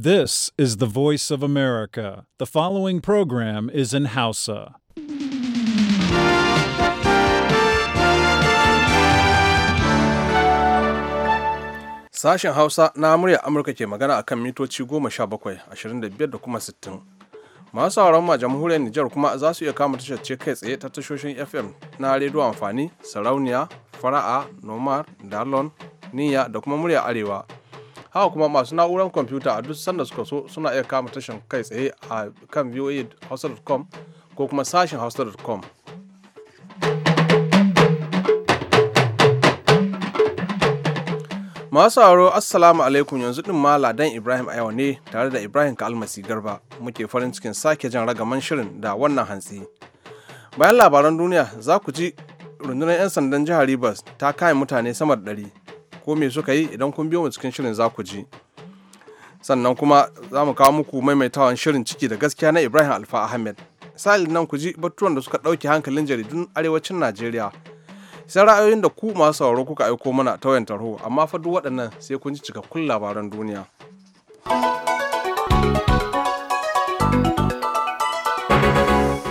This is the voice of America. The following program is in Hausa. Sashen Hausa na murya Amurka ke magana a kan mitoci 17, ashirin da kuma 60. Masu sauran ma jamhuriyar Nijar kuma za su iya kama tashar ce kai tsaye ta tashoshin FM na rediyo amfani, sarauniya, fara'a, nomar, dalon, niyya da kuma murya arewa. haka kuma masu na'urar kwamfuta a duk sanda suka so suna iya kama tashin kai tsaye a kan voahausa.com ko kuma sashen hausa.com masu sauraro assalamu alaikum yanzu din ma ladan ibrahim ayawa ne tare da ibrahim kalmasi garba muke farin cikin sake jan ragaman shirin da wannan hantsi bayan labaran duniya za ku ji rundunar 'yan sandan jihar rivers ta kayan mutane sama da ɗari ko me suka yi idan kun biyo mu cikin shirin za ku ji sannan kuma za mu kawo muku maimaitawan shirin ciki da gaskiya na ibrahim alfa ahmed sa'il nan ku ji batuwan da suka ɗauke hankalin jaridun arewacin najeriya sai ra'ayoyin da ku masu sauraro kuka aiko mana ta wayan tarho amma fa duk waɗannan sai kun ji cikakkun labaran duniya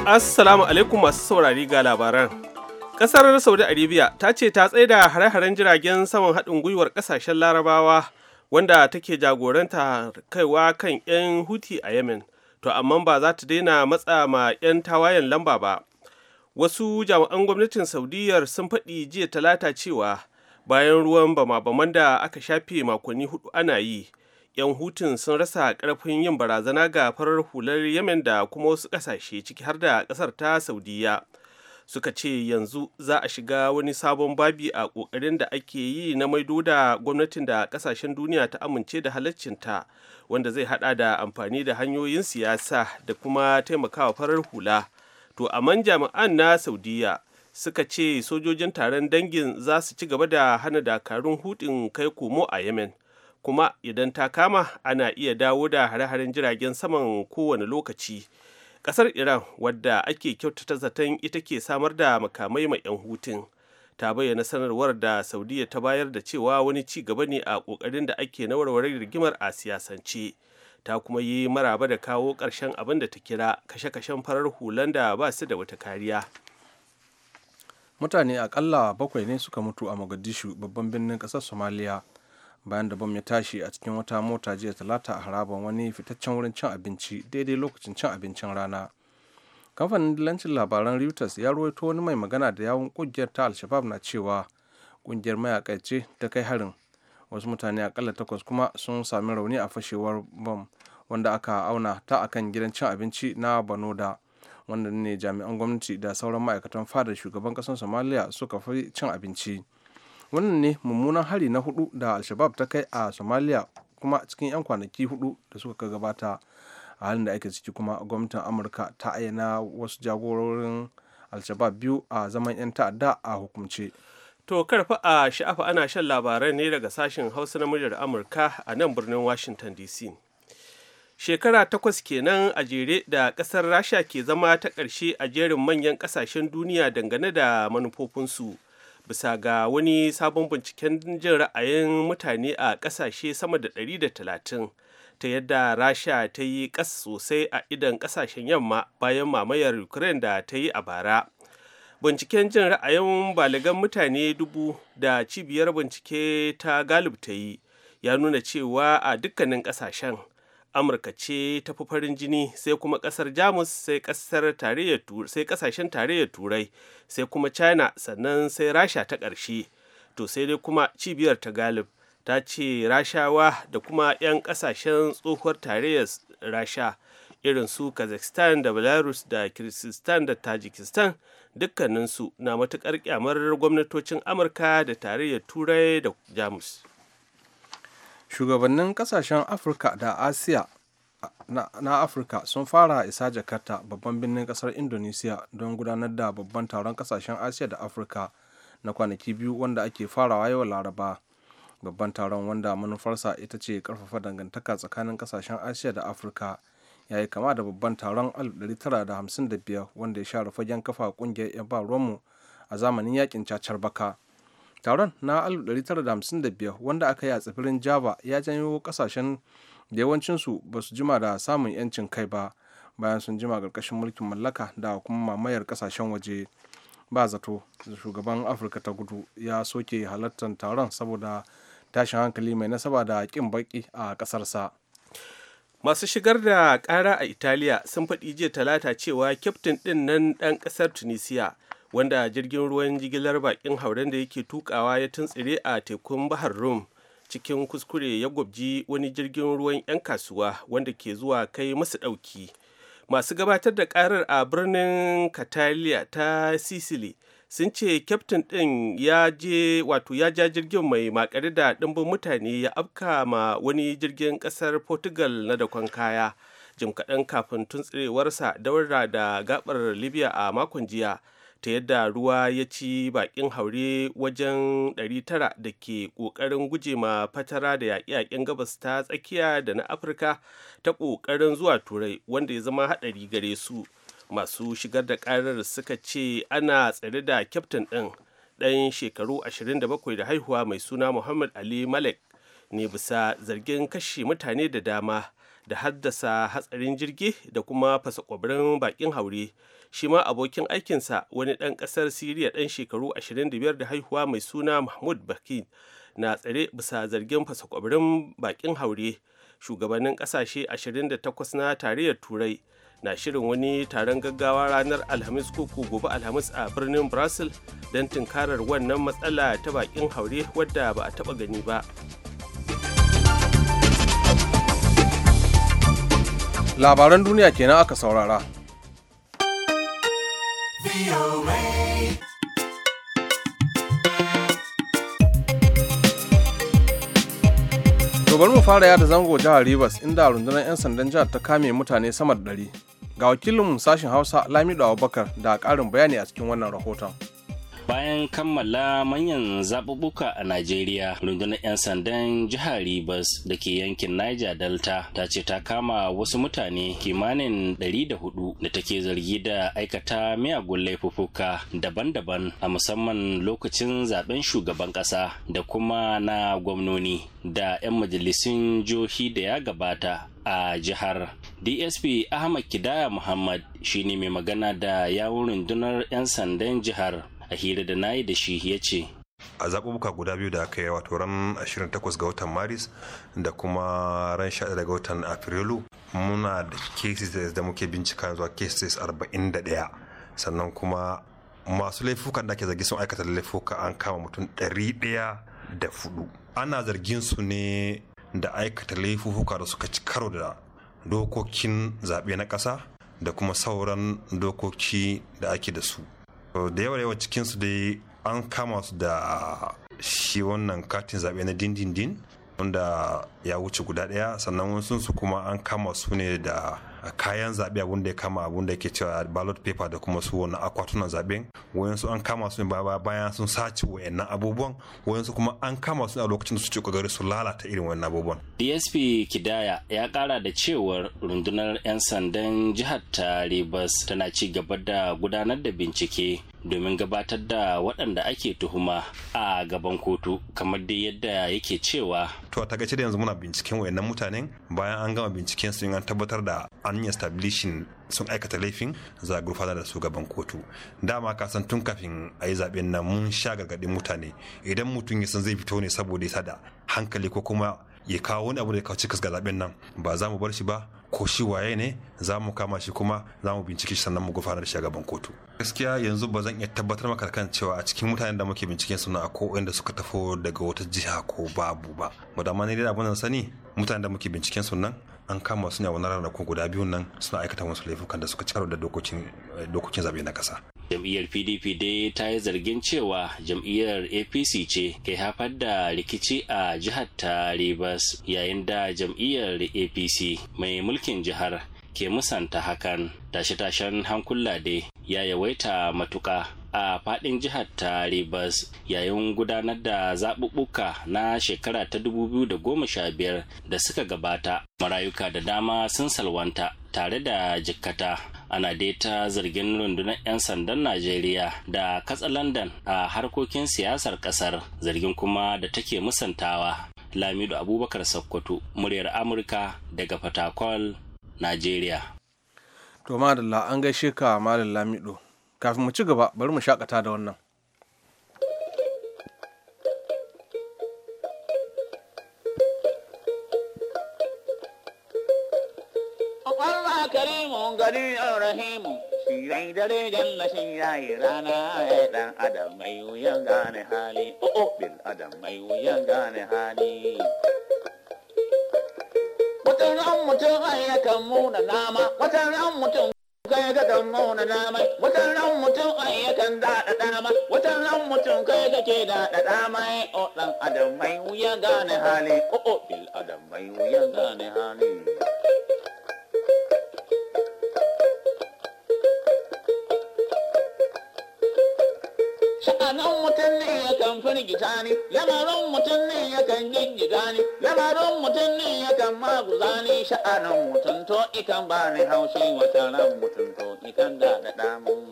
assalamu alaikum masu saurari ga labaran Ƙasar Saudi Arabia ta ce ta tsaida hare-haren jiragen saman haɗin gwiwar ƙasashen Larabawa wanda take jagoranta kaiwa kan 'yan Huti a Yemen, to amma ba za ta daina matsa ma 'yan tawayen lamba ba. Wasu jami'an gwamnatin Saudiyyar sun faɗi jiya talata cewa bayan ruwan bama-baman da aka shafe makonni hudu ana yi, 'yan hutun sun rasa ƙarfin yin barazana ga farar hular Yemen da kuma wasu ƙasashe ciki har da ƙasar ta Saudiyya. suka ce yanzu za a shiga wani sabon babi a ƙoƙarin da ake yi na maido da gwamnatin da ƙasashen duniya ta amince da halaccinta wanda zai hada da amfani da hanyoyin siyasa da kuma taimakawa farar hula to amman jami'an na saudiya suka ce sojojin taron dangin za su ci gaba da hana dakarun hutun kai komo a yemen kuma idan ta kama ana iya dawo da hare-haren jiragen saman kowane lokaci kasar iran wadda ake kyautata zaton ita ke samar da makamai mai 'yan hutun ta bayyana sanarwar da saudiya ta bayar da cewa wani ci gaba ne a kokarin da ake na warware rigimar a siyasance ta kuma yi maraba da kawo ƙarshen abin da ta kira kashe-kashen farar hulan da ba su da wata kariya mutane akalla bakwai ne suka mutu a mogadishu babban birnin ƙasar somaliya bayan da bom ya tashi a cikin wata mota jiya talata a haraban wani fitaccen wurin cin abinci daidai lokacin cin abincin rana kamfanin dillancin labaran reuters ya ruwaito wani mai magana da yawon kungiyar ta alshabab na cewa kungiyar mayakai ce ta kai harin wasu mutane akalla takwas kuma sun sami rauni a fashewar bom wanda aka auna ta akan gidan cin abinci na banoda wanda ne jami'an gwamnati da sauran ma'aikatan fadar shugaban ƙasar somaliya suka fi cin abinci wannan ne mummunan hari na hudu da alshabab ta kai a somalia kuma cikin 'yan kwanaki hudu da suka gabata a halin da ake ciki kuma gwamnatin amurka ta ayyana wasu jagororin alshabab biyu a zaman 'yan ta'adda a hukumce to karfa a sha'afa ana shan labarai ne daga sashen hausa na muryar amurka a nan birnin washington dc shekara takwas kenan a jere da kasar rasha ke zama ta ƙarshe a jerin manyan ƙasashen duniya dangane da manufofinsu bisa ga wani sabon binciken jin ra'ayin mutane a ƙasashe sama da 130 ta yadda rasha ta yi ƙas sosai a idan ƙasashen yamma bayan mamayar ukraine da ta yi a bara binciken jin ra'ayin balagan mutane dubu da cibiyar bincike ta galib ta yi ya nuna cewa a dukkanin ƙasashen amurka ce ta fi farin jini sai kuma kasar jamus sai kasar tarayyar turai sai kasashen tarayyar turai sai kuma china sannan sai rasha ta ƙarshe to sai dai kuma cibiyar ta galib ta ce rashawa da kuma 'yan kasashen tsohuwar tarayyar rasha irin su kazakhstan da belarus da kyrgyzstan da tajikistan dukkaninsu na matuƙar kyamar gwamnatocin amurka da tarayyar turai da jamus shugabannin kasashen afirka da asiya na afirka sun fara isa jakarta babban birnin kasar indonesiya don gudanar da babban taron kasashen asiya da afirka na kwanaki biyu wanda ake farawa yau laraba babban taron wanda manufarsa ita ce karfafa dangantaka tsakanin kasashen asiya da afirka ya yi kama da babban taron 1955 wanda ya share fagen kafa kungiyar 'yan ba ruwanmu a zamanin yakin cacar baka taron na 1955 wanda aka yi a tsibirin java ya janyo kasashen da yawancinsu ba su jima da samun 'yancin kai ba bayan sun jima ƙarƙashin mulkin mallaka da kuma mamayar kasashen waje ba zato shugaban afirka ta gudu ya soke halartar taron saboda tashin hankali mai nasaba da ƙin baƙi a ƙasarsa masu shigar da ƙara a italiya sun faɗi jiya talata cewa kyaftin ɗin nan ɗan ƙasar tunisia wanda jirgin ruwan jigilar bakin hauren da yake tukawa ya tuntsire a tekun bahar rum cikin kuskure ya gwabji wani jirgin ruwan 'yan kasuwa wanda ke zuwa kai masu ɗauki masu gabatar da karar a birnin kataliya ta sicily sun ce kyaftin ɗin ya je wato ya ja jirgin mai makare da ɗimbin mutane ya afka ma wani jirgin ƙasar portugal na dakon kaya jim kaɗan kafin tuntsirewarsa daura da gaɓar libya a makon jiya ta yadda ruwa ya ci bakin haure wajen 900 da ke ƙoƙarin gujema fatara da yaƙi yaƙen gabas ta tsakiya da na afirka ta kokarin zuwa turai wanda ya zama haɗari gare su masu shigar da ƙarar suka ce ana tsare da kyaftin ɗin ɗan shekaru 27 da haihuwa mai suna muhammad ali malek ne bisa zargin kashe mutane da dama da haddasa hatsarin jirgi da kuma fasa kwabirin bakin haure shi ma abokin aikinsa wani ɗan ƙasar siriya ɗan shekaru 25 da haihuwa mai suna mahmud bakin na tsare bisa zargin fasa kwabirin bakin haure shugabannin ƙasashe 28 na tarayyar turai na shirin wani taron gaggawa ranar alhamis koko gobe alhamis a birnin brazil don tunkarar wannan matsala ta bakin haure wadda ba a taba gani ba labaran duniya kenan aka saurara bari mu fara yada zango jihar Rivers inda rundunar 'yan sandan jihar ta kame mutane sama da ɗari. Ga wakilinmu sashen Hausa Lamido Abubakar da ƙarin bayani a cikin wannan rahoton. bayan kammala manyan zaɓuɓɓuka a najeriya rundunar 'yan sandan jihar ribas da ke yankin niger delta ta ce ta kama wasu mutane kimanin 104 da take zargi da aikata miyagun laifuka daban-daban a musamman lokacin zaben shugaban ƙasa da kuma na gwamnoni da 'yan majalisun jihohi da ya gabata a jihar dsp ahmad kidaya muhammad shine mai magana da yawun rundunar 'yan sandan jihar a hira da nayi da shi ya ce a zaɓuɓɓuka guda biyu da aka yi wato ran 28 ga watan maris da kuma ran 11 ga watan afrilu muna da cases da muke bincika zuwa cases 41 sannan kuma masu laifukan da ake zargi sun aikata laifuka an kama mutum da 104 ana zargin su ne da aikata laifuka da suka ci karo da dokokin zaɓe na ƙasa da kuma sauran dokoki da ake da su da yawa yawa cikinsu dai an kama su da shi wannan katin zaɓe na dindindin wanda ya wuce guda ɗaya sannan wasu su kuma an kama su ne da a kayan zaɓe abun da ya kama abun da yake cewa ballot paper da kuma su wani akwatunan zaɓe wayansu an kama su ba bayan sun sace wayannan abubuwan wayansu kuma an kama su a lokacin da su ci su lalata irin wayannan abubuwan DSP Kidaya ya kara da cewar rundunar 'yan sandan jihar ta tana ci gaba da gudanar da bincike domin gabatar da waɗanda ake tuhuma a gaban kotu kamar dai yadda yake cewa to a takaice da yanzu muna binciken wayannan mutanen bayan an gama binciken su an tabbatar da an yi establishing sun aikata laifin za a da su gaban kotu dama ka san tun kafin a yi zaɓen nan mun sha gargaɗin mutane idan mutum ya san zai fito ne saboda ya sada hankali ko kuma ya kawo wani abu da ya kawo cikas ga zaɓen nan ba za mu bar shi ba ko shi waye ne za mu kama shi kuma za mu binciki shi sannan mu gufanar shi a gaban kotu gaskiya yanzu ba zan iya tabbatar maka kan cewa a cikin mutanen da muke binciken suna a ko da suka tafo daga wata jiha ko babu ba mu da mani da abin sani mutanen da muke binciken su an kama su ne a wani ranakun guda biyun nan suna aikata wasu laifukan da suka cikar da dokokin zaɓe na kasa. jam'iyyar pdp dai ta yi zargin cewa jam'iyyar apc ce ke haifar da rikici a jihar ta rivers yayin da jam'iyyar apc mai mulkin jihar ke musanta hakan tashe-tashen hankula dai ya yawaita matuka a fadin jihar ta rivers yayin gudanar da zaɓuɓɓuka na shekara ta 2015 da suka gabata marayuka da dama sun salwanta tare da jikkata ana dai zargin rundunar 'yan sandan najeriya da katsalandan a harkokin siyasar kasar zargin kuma da take musantawa lamido abubakar sakkwato muryar amurka daga fatakwal najeriya to madalla an gaishe ka malam lamido kafin mu ci gaba bari mu shakata da wannan Allah karimu gani rahimu Shirai dare janna shi rai rana ya dan adam mai wuyan gane hali o oh, oh, bil adam mai wuyan gane hali watan ran mutum ai yakan muna nama watan ran mutum kai ga kan muna nama watan ran mutum ai yakan dada dama watan ran mutum kai ga ke dada dama o oh, dan adam mai wuyan gane hali o bil adam mai wuyan gane hali firgita ni lamarin mutum ne yakan gingiga ni lamarin mutum ne yakan maguza ne sha'anin mutum to ikan bani haushi wata ran mutum to ikan da da damun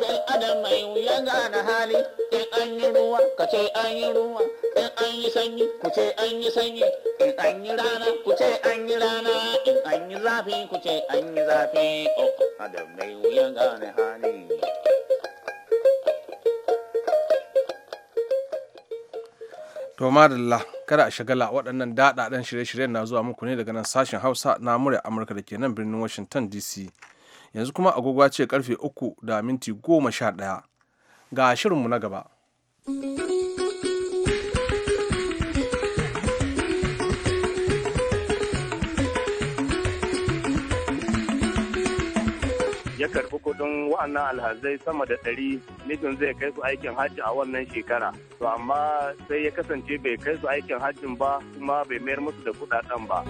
dan adam mai wuya gane hali in an yi ruwa ka ce an yi ruwa in an yi sanyi ku ce an yi sanyi in an yi rana ku ce an yi rana in an yi zafi ku ce an yi zafi oh, oh, adam mai wuya gane hali To madalla kada a shagala waɗannan daɗaɗen shirye-shiryen na zuwa muku ne daga nan sashen Hausa na murya Amurka da ke nan birnin Washington DC. yanzu kuma agogwa ce karfe uku da minti goma sha ɗaya ga shirinmu na gaba ya karbi kudin wa'annan alhazai sama da ɗari nufin zai kai su aikin hajji a wannan shekara to amma sai ya kasance bai kai su aikin hajjin ba kuma bai mayar musu da kudaden ba.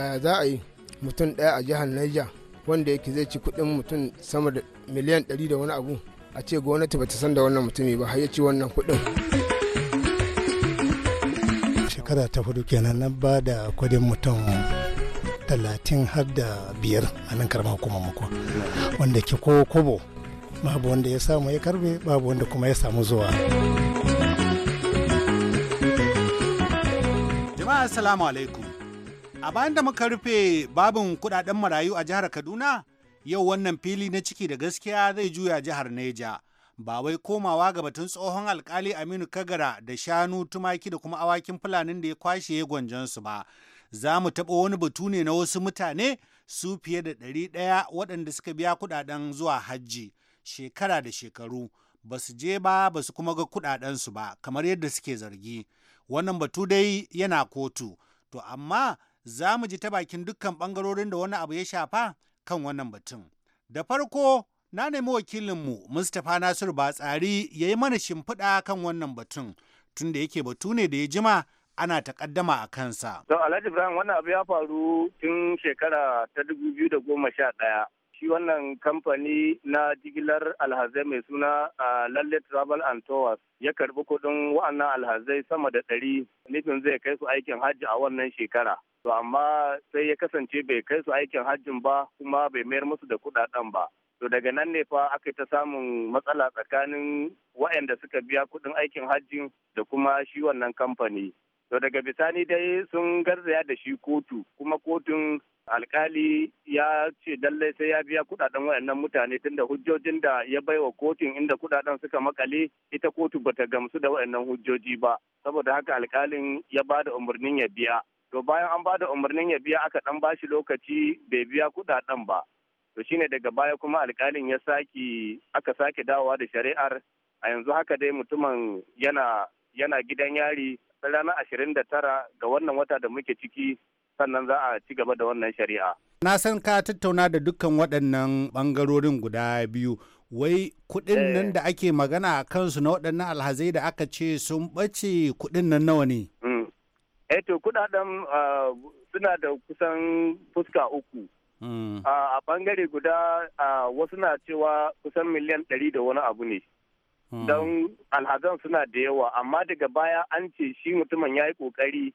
yaya za a yi mutum ɗaya a jihar niger wanda yake zai ci kuɗin mutum sama da miliyan ɗari da wani abu a ce gwamnati bata san da wannan mutumi ba har ya ci wannan kuɗin shekara ta hudu kenan na ba da kuɗin mutum talatin har da biyar a nan karamar kuma muku wanda ke ko kobo babu wanda ya samu ya karbe babu wanda kuma ya samu zuwa jama'a assalamu alaikum A bayan da muka rufe babin kudaden marayu a jihar Kaduna, yau wannan fili na ciki da gaskiya zai juya jihar Neja. Ba wai komawa ga batun tsohon alkali Aminu Kagara da shanu, tumaki da kuma awakin fulanin da ya kwashe ya gwanjansu ba. Za mu taɓa wani batu ne na wasu mutane su fiye da ɗari ɗaya waɗanda suka biya kuɗaɗen zuwa hajji shekara da shekaru. Ba su je ba ba su kuma ga kuɗaɗensu ba kamar yadda suke zargi. Wannan batu dai yana kotu. To amma za mu ji ta bakin dukkan ɓangarorin da wani abu ya shafa kan wannan batun. Da farko na nemi wakilinmu Mustapha Nasiru Batsari ya yi mana shimfiɗa kan wannan batun tunda yake batu ne da ya jima ana takaddama a kansa. To Alhaji Ibrahim wannan abu ya faru tun shekara ta dubu biyu da goma sha ɗaya shi wannan kamfani na jigilar alhazai mai suna a lalle travel and tours ya karbi kudin wa'annan alhazai sama da ɗari nufin zai kai su aikin hajji a wannan shekara to amma sai ya kasance bai kai su aikin hajjin ba kuma bai mayar musu da kudaden ba to daga nan ne fa aka ta samun matsala tsakanin wayanda suka biya kuɗin aikin hajjin da kuma shi wannan kamfani to daga bisani dai sun garzaya da shi kotu kuma kotun alkali ya ce lallai sai ya biya kudaden wayannan mutane tunda hujjojin da ya bai wa kotun inda kudaden suka makale ita kotu bata gamsu da wayannan hujjoji ba saboda haka alkalin ya ba da umarnin ya biya to bayan an ba da umarnin ya biya aka dan bashi lokaci bai biya kudaden ba to shine daga baya kuma alkalin ya saki aka sake dawowa da shari'ar a yanzu haka dai mutumin yana yana gidan yari ranar ashirin da tara ga wannan wata da muke ciki sannan za a ci gaba da wannan shari'a. Na san ka tattauna da dukkan waɗannan ɓangarorin guda biyu. Wai kuɗin nan eh. da ake magana a kansu na waɗannan alhazai da aka ce sun ɓace kuɗin nan nawa ne? Mm. Eto eh, kuɗaɗen ah, suna da kusan fuska uku. Mm. Ah, a ɓangare guda ah, wasu na cewa kusan miliyan ɗari da wani abu ne. Mm. Don alhazan suna da yawa, amma daga baya an ce shi mutumin ya yi ƙoƙari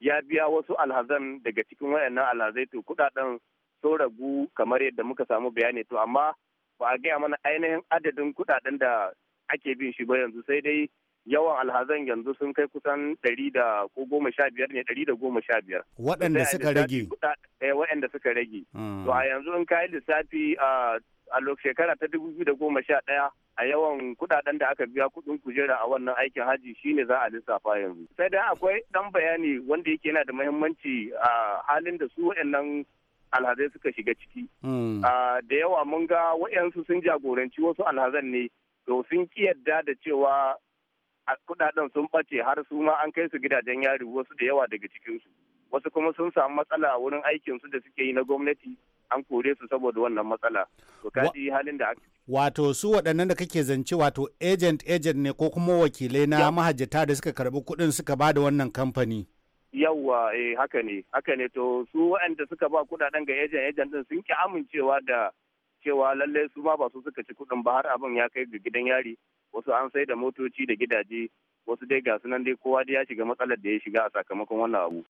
ya biya wasu alhazan daga cikin waɗannan alhazai to kuɗaɗen sun ragu kamar yadda muka samu bayani to amma ba a gaya mana ainihin adadin kuɗaɗen da ake bin shi ba yanzu sai dai yawan alhazan yanzu sun kai kusan ɗari da ko goma sha biyar ne ɗari da goma sha biyar. Waɗanda suka rage. Eh, waɗanda suka rage. Hmm. To a yanzu in kayi lissafi a. Ah, a shekara ta dubu biyu da goma sha ɗaya a yawan kuɗaɗen da aka biya kuɗin kujera a wannan aikin hajji shine za a lissafa yanzu sai dai akwai ɗan bayani wanda yake yana da muhimmanci a halin da su waɗannan alhazai suka shiga ciki hmm. da yawa mun ga waɗansu sun jagoranci wasu alhazan ne to sun yadda da cewa kuɗaɗen sun ɓace har su ma an kai su gidajen yari wasu da yawa daga cikinsu wasu kuma sun samu matsala a wurin aikinsu da suke yi na gwamnati an kore su saboda wannan matsala to halin da wato su waɗannan da kake zance wato agent agent ne ko kuma wakilai na mahajjata da suka karɓi kuɗin suka ba da wannan kamfani yawwa eh haka ne haka ne to su waɗanda suka ba kuɗaɗen ga agent agent din sun ki amincewa da cewa lallai su ma ba su suka ci kuɗin ba har abin ya kai ga gidan yari wasu an sai da motoci da gidaje wasu dai ga sunan dai kowa dai ya shiga matsalar da ya shiga a sakamakon wannan abu.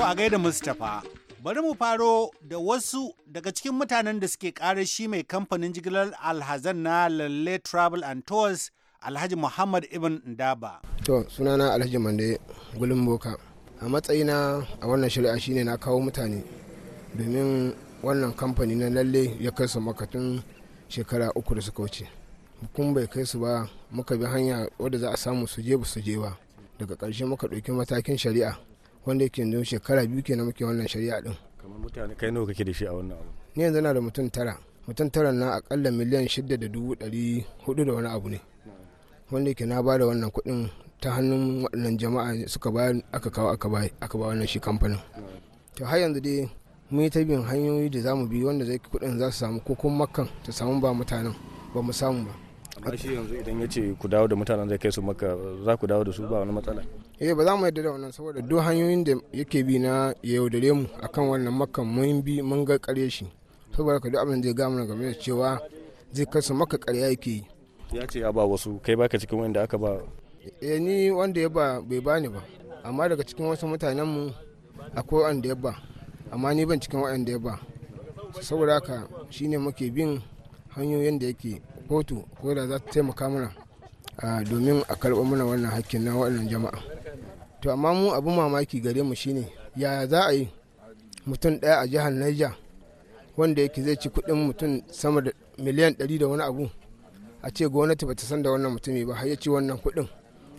To a gaida Mustapha. Bari mu faro da wasu daga cikin mutanen da suke ƙarar shi mai kamfanin jigilar alhazan na Lalle Travel and Tours Alhaji Muhammad Ibn Ndaba. To sunana Alhaji Mande gulin Boka. A matsayina a wannan shari'a shine na kawo mutane domin wannan kamfani na lalle ya kai su makatun shekara uku da suka wuce. Kun bai kai su ba muka bi hanya wadda za a samu suje je ba je ba. Daga ƙarshe muka ɗauki matakin shari'a wanda yake yanzu shekara biyu kenan muke wannan shari'a din kamar mutane kai nawa kake da shi a wannan abu ni yanzu na da mutum tara mutum tara na akalla miliyan shida da dubu ɗari hudu da wani abu ne wanda yake na ba da wannan kuɗin ta hannun waɗannan jama'a suka bayar aka kawo aka ba wannan shi kamfanin to har yanzu dai mun yi ta bin hanyoyi da za mu bi wanda zai kuɗin za su samu ko kuma makan ta samu ba mutanen ba mu samu ba amma shi yanzu idan ya ce ku dawo da mutanen zai kai su maka za ku dawo da su ba wani matsala eh ba za mu yadda da wannan saboda duk hanyoyin da yake bi na ya yaudare mu akan wannan makan mun bi mun ga kare shi saboda ka duk abin da ya gamu game da cewa zai kasa maka karya yake yi ya ce ya ba wasu kai baka cikin wanda aka ba eh ni wanda ya ba bai bani ba amma daga cikin wasu mutanen mu akwai wanda ya ba amma ni ban cikin wanda ya ba saboda haka shine muke bin hanyoyin da yake kotu ko da za ta taimaka mana ah, domin a karɓo mana wannan hakkin na waɗannan jama'a to amma mu abu mamaki gare mu shine yaya za a yi mutum ɗaya a jihar Niger wanda yake zai ci kuɗin mutum sama da miliyan ɗari da wani abu a ce gwamnati bata san da wannan mutumi ba ya ci wannan kuɗin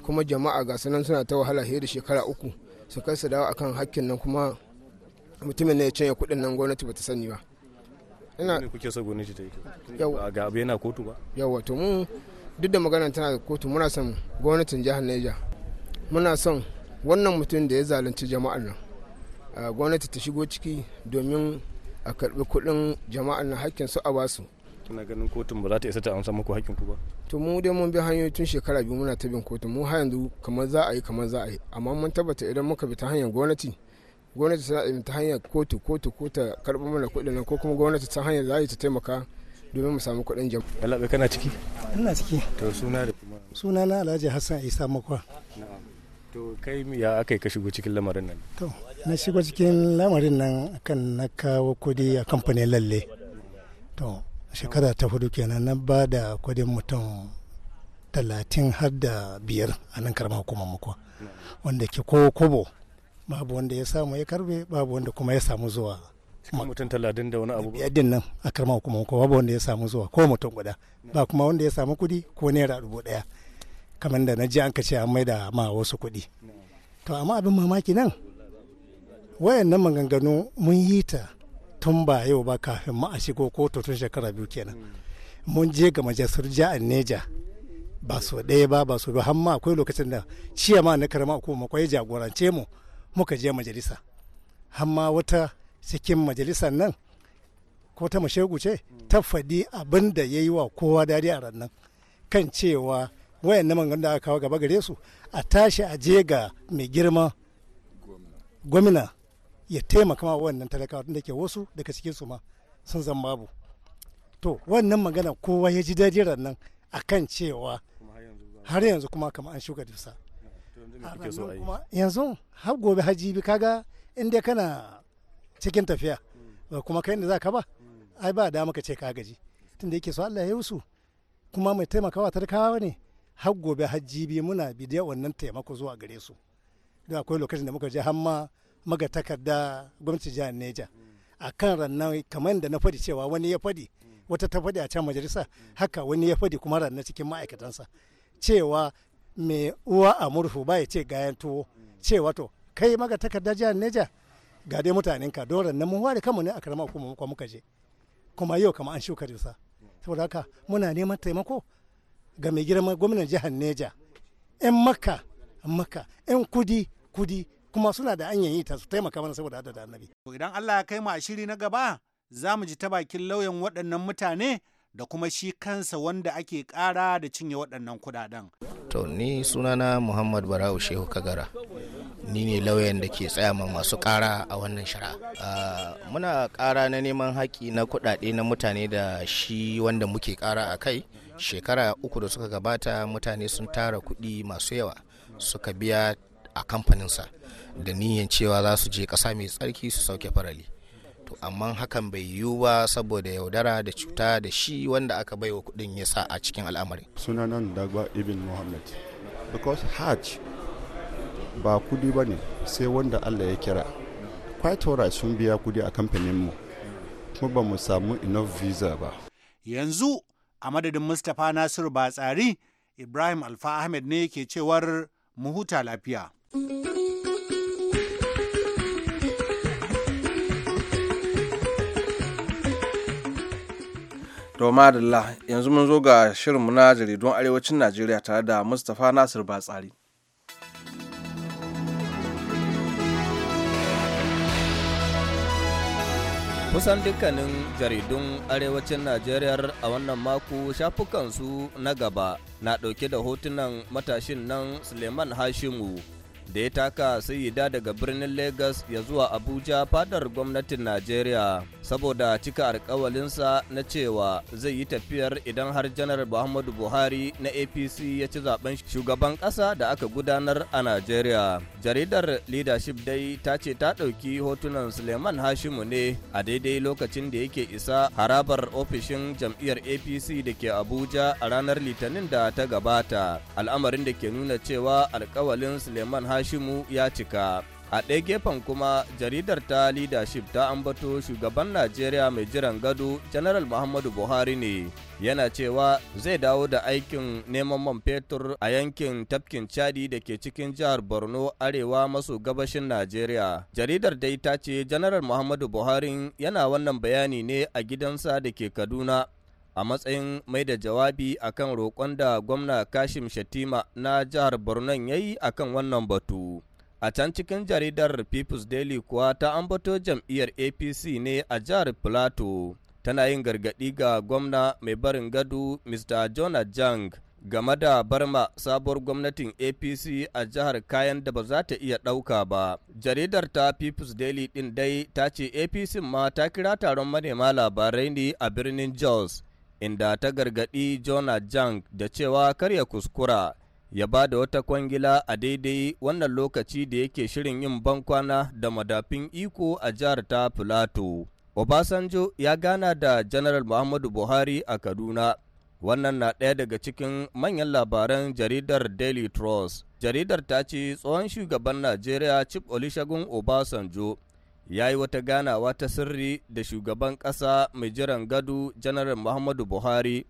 kuma jama'a ga sanan suna ta wahala fiye da shekara uku su kai su dawo akan hakkin nan kuma mutumin ne ya canya kuɗin nan gwamnati bata sani ba ina ne kuke so gwamnati ta yi ga abu yana kotu ba yawa to mu duk da magana tana da kotu muna son gwamnatin jihar Niger muna son wannan mutum da ya zalunci jama'ar nan gwamnati ta shigo ciki domin a karbi kuɗin jama'ar nan hakkin su a basu Kina ganin kotun ba za ta isa ta amsa muku hakkin ku ba to mu dai mun bi hanyoyi tun shekara biyu muna ta bin kotun mu har yanzu kamar za a yi kamar za a yi amma mun tabbata idan muka bi ta hanyar gwamnati gwamnati tana ta hanyar kotu kotu ko ta karbi mana kuɗin nan ko kuma gwamnati ta hanyar za ta taimaka domin mu samu kuɗin jam. Alaɓe kana ciki? Ina ciki. To suna da kuma. Suna na Alhaji Hassan Isa Makwa. to kai ya aka yi ka shigo cikin lamarin nan to na shigo cikin lamarin nan kan na kawo kudi a kamfanin lalle to shekara ta hudu kenan na ba da kudin mutum talatin har da biyar a nan karamar hukumar muku wanda ke ko kobo babu wanda ya samu ya karbe babu wanda kuma ya samu zuwa mutum talatin da wani abu yadda nan a karama hukumar muku babu wanda ya samu zuwa ko mutum guda ba kuma wanda ya samu kudi ko naira dubu daya kamar da na ji an ce an maida ma wasu kuɗi to amma abin mamaki nan wayan wayannan maganganu mun yi ta tun ba yau ba kafin ma a shigo kotu tun shekara biyu kenan mun je ga majalisar ja'an neja ba so ɗaya ba ba so biyu har ma akwai lokacin da ciyama na karama ko makwai jagorance mu muka je majalisa har ma wata cikin majalisar nan ko ta mashegu ce ta faɗi abin da ya yi wa kowa dadi a rannan kan cewa wayan na da aka kawo gaba gare su a tashi a je ga mai girma gwamna ya taimaka ma nan talakawa da ke wasu daga cikin su ma sun zan babu to wannan magana kowa ya ji nan a akan cewa har yanzu kuma kama an shuka dusa yanzu har gobe haji bi kaga inda kana cikin tafiya kuma kai inda za ka ba hmm. ai ba dama ka ce ka gaji tunda yake so Allah ya yi kuma mai taimakawa talakawa ne har gobe har jibi muna bidiyar wannan taimako zuwa gare su da akwai lokacin da muka je har ma maga takarda gwamnati jihar neja a kan rannan kamar da na fadi cewa wani ya faɗi wata ta faɗi a can majalisa haka wani ya fadi kuma rannan cikin ma'aikatansa cewa mai uwa a murhu ba ya ce gayan tuwo cewa to kai maga takarda jihar neja ga dai mutanen ka doron mun ware kanmu ne a karamar hukumar muka je kuma yau kama an shuka sa saboda haka muna neman taimako ga mai girma gwamnan jihar neja 'yan makka makka 'yan kudi kudi kuma suna da anyan yi ta su taimaka mana saboda hada da annabi. idan allah ya kai mu a shiri na gaba za mu ji ta bakin lauyan waɗannan mutane da kuma shi kansa wanda ake ƙara da cinye waɗannan kudaden. to ni sunana muhammad barau shehu kagara ni ne lauyan da ke tsaya ma masu ƙara a wannan shari'a ah, muna ƙara na neman haƙi na kuɗaɗe na mutane da shi wanda muke ƙara a kai shekara uku da suka gabata mutane sun tara kuɗi masu yawa suka biya a kamfaninsa da niyan cewa za su je ƙasa mai tsarki su sauke farali to amma hakan bai yiwu ba saboda yaudara da cuta da shi wanda aka baiwa kuɗin ya sa a cikin al'amari sunanan dagba ibn muhammad because hajj ba kudi ba ne sai wanda allah ya kira right sun biya kudi a kamfaninmu kuma ba mu samu enough visa ba yanzu a madadin mustapha nasiru batsari ibrahim alfa ahmed ne ke cewar mu huta lafiya. To madalla yanzu mun zo ga shirinmu na jaridun arewacin Najeriya tare da Mustapha nasiru Batsari. kusan dukkanin jaridun arewacin najeriya a wannan mako shafukansu na gaba na ɗauke da hotunan matashin nan suleiman hashimu da ya taka sayida daga birnin Lagos ya zuwa Abuja fadar gwamnatin Najeriya saboda cika alkawalinsa na cewa zai yi tafiyar idan har janar Muhammadu Buhari na APC ya ci zaben shugaban kasa da aka gudanar a Najeriya. Jaridar Leadership dai ta ce ta ɗauki hotunan Suleiman Hashimu ne a daidai lokacin da yake isa harabar ofishin jam'iyyar APC da ke Abuja a ranar Litinin da ta gabata. Al'amarin da ke nuna cewa alkawalin Suleiman Hashimu Hashimu ya cika. A ɗaya gefen kuma jaridar ta leadership ta ambato shugaban Najeriya mai jiran gado General Muhammadu Buhari ne yana cewa zai dawo da aikin neman man fetur a yankin tafkin Chadi da ke cikin jihar Borno arewa maso gabashin Najeriya. Jaridar dai ta ce General Muhammadu Buhari yana wannan bayani ne a gidansa da ke Kaduna a matsayin mai da jawabi akan roƙon da gwamna Kashim Shatima na jihar Borno ya yi akan wannan batu. A can cikin jaridar People's Daily kuwa ta ambato jam'iyyar APC ne a jihar plato Tana yin gargaɗi ga gwamna mai barin gado Mr. Jonah Jang game da barma sabuwar gwamnatin apc a jihar kayan da ba za ta iya ɗauka ba jaridar ta people's daily ɗin dai ta ce apc ma ta kira taron manema labarai ne a birnin jos inda ta gargaɗi Jonah Jang da cewa kar ya kuskura ya ba da wata kwangila a daidai wannan lokaci da yake shirin yin bankwana da madafin iko a jihar ta Filato. Obasanjo ya gana da Janaral Muhammadu Buhari a Kaduna. Wannan na ɗaya daga cikin manyan labaran jaridar Daily Trust. Jaridar ta ce tsohon shugaban Najeriya Chief Olusegun Obasanjo ya yi wata ganawa ta sirri da shugaban ƙasa mai jiran gado janaral Muhammadu Buhari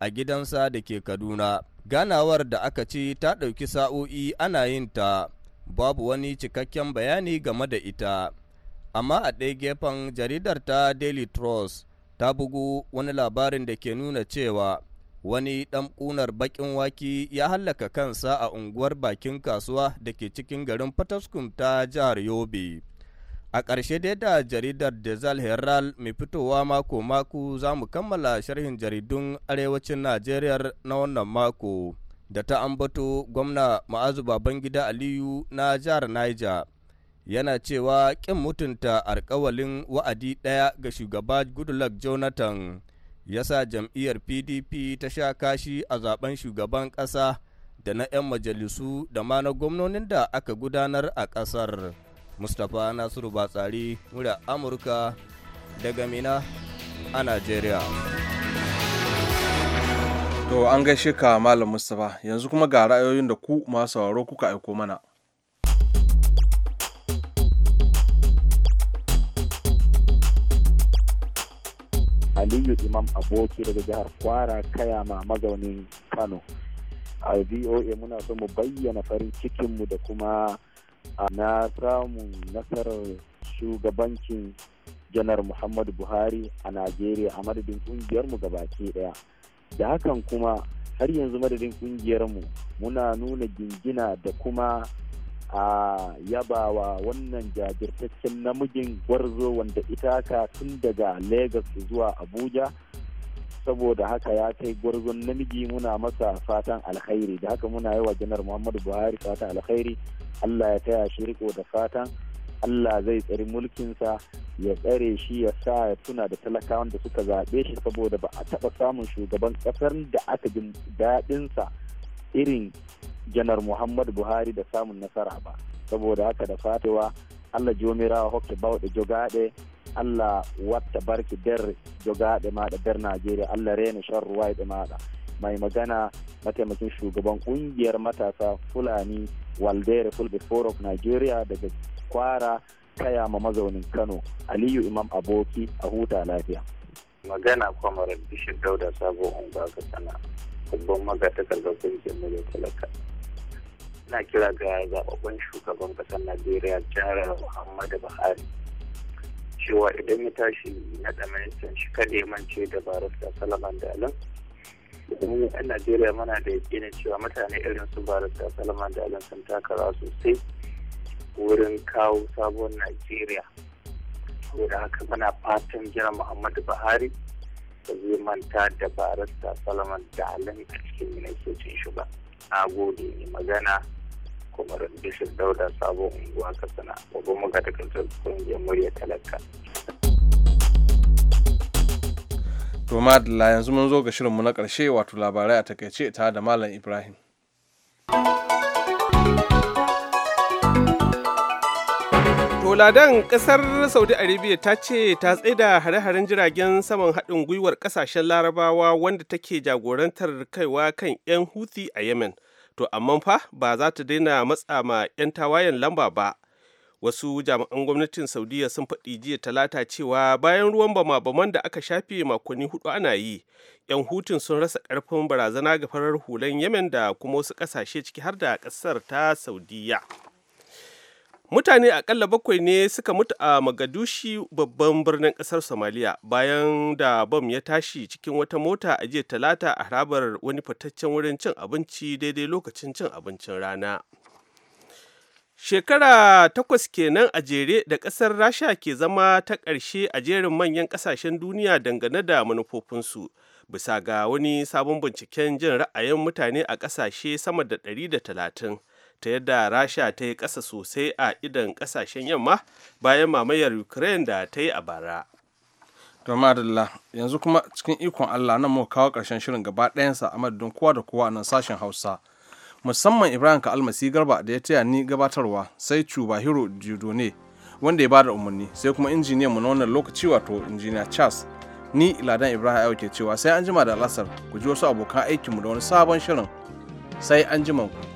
a gidansa da ke Kaduna. Ganawar da aka ci ta ɗauki sa'o'i ana yin ta, babu wani cikakken bayani game da ita. Amma a ɗaya gefen jaridar ta Daily Trust ta bugu wani labarin da ke nuna cewa wani ɗan ƙunar baƙin waki ya hallaka kansa a unguwar bakin kasuwa da ke cikin garin ta jihar Yobe. A ƙarshe dai da jaridar Dezal Herald mai fitowa mako-mako za mu kammala sharhin jaridun arewacin Najeriya na wannan mako da ta ambato gwamna Ma'azu Babangida Aliyu na jihar Niger. Yana cewa ƙin mutunta alkawalin wa'adi ɗaya ga shugaba Goodluck Jonathan ya sa jam'iyyar PDP ta sha kashi a zaben shugaban ƙasa da na 'yan majalisu da ma na gwamnonin da aka gudanar a ƙasar. mustapha nasiru batsari murya amurka daga mina a najeriya to an gaishe ka malam mustapha yanzu kuma ga ra'ayoyin da ku masu sauraro kuka aiko mana aliyu imam aboki daga jihar kwara ma mazaunin kano a voa muna so mu bayyana farin cikinmu da kuma na samun nasarar shugabancin janar muhammadu buhari a najeriya a madadin kungiyarmu gabaki daya da hakan kuma har yanzu madadin kungiyarmu muna nuna gingina da kuma a yabawa wannan jajirtaccen namijin gwarzo wanda ita ka tun daga lagos zuwa abuja saboda haka ya kai gwarzon namiji muna masa fatan alkhairi da haka muna yi wa janar muhammadu buhari fatan alkhairi allah ya taya shi riko da fatan allah zai tsari mulkinsa ya tsare shi ya sa ya tuna da talakawan da suka zaɓe shi saboda ba a taɓa samun shugaban ƙasar da aka jin daɗinsa irin janar muhammadu buhari da samun nasara ba saboda haka da fatewa allah jomirawa hokke bauɗe jogaɗe allah watta barki der jogaɗe maɗa der najeriya allah rena shan ruwa maɗa. mai magana mataimakin shugaban ƙungiyar matasa fulani waldere fulbe forum nigeria daga kwara kaya ma mazaunin kano aliyu imam aboki a huta lafiya magana kwamarar bishir dauda sabo unguwa ga sana babban magatakardar kungiyar mai talaka Ina kira ga zababben shugaban ƙasar najeriya jihar muhammadu buhari cewa idan ya tashi na ministan shi kada ya mance da barista salaman dalin domin yan najeriya mana da yakinin cewa mutane irin su barista salaman dalin sun taka rawa sosai wurin kawo sabon najeriya saboda haka muna fatan jiran muhammadu buhari da zai manta da barista salaman dalin a cikin ministocin shi ba na gode ne magana kwamarin bishiyar dauda sabon unguwa katsina babban magatakardar kungiyar murya talaka to madalla yanzu mun zo ga shirinmu na ƙarshe wato labarai a takaice ta, da malam ibrahim ladan kasar saudi arabia ta ce ta tsaida hare-haren jiragen saman haɗin gwiwar ƙasashen larabawa wanda take jagorantar kaiwa kan 'yan huti a yemen to amma fa ba za ta daina matsa ma 'yan tawayen lamba ba wasu jami'an gwamnatin saudiya sun faɗi jiya talata cewa bayan ruwan bama-baman da aka shafe makonni hudu ana yi 'yan hutun sun rasa ƙarfin barazana ga farar hulan yemen da kuma wasu ƙasashe ciki har da ƙasar ta saudiya mutane akalla bakwai ne suka mutu a magadushi babban birnin kasar somaliya bayan da bam ya tashi cikin wata mota a jiya talata a harabar wani fataccen wurin cin abinci daidai lokacin cin abincin rana shekara takwas kenan a jere da kasar rasha ke zama ta ƙarshe a jerin manyan ƙasashen duniya dangane da manufofinsu bisa ga wani sabon binciken jin ra'ayin mutane a ƙasashe sama da ɗari da talatin. ta yadda rasha ta yi ƙasa sosai a idan ƙasashen yamma bayan mamayar ukraine da ta yi a bara to yanzu kuma cikin ikon allah nan muka kawo ƙarshen shirin gaba ɗayansa a madadin kowa da kowa nan sashen hausa musamman ibrahim ka almasi garba da ya taya ni gabatarwa sai cuba hiro ne wanda ya bada umarni sai kuma injiniyan mu na wannan lokaci wato injiniya charles ni ladan ibrahim ke cewa sai an jima da alasar ku ji wasu abokan aikinmu da wani sabon shirin sai an jima ku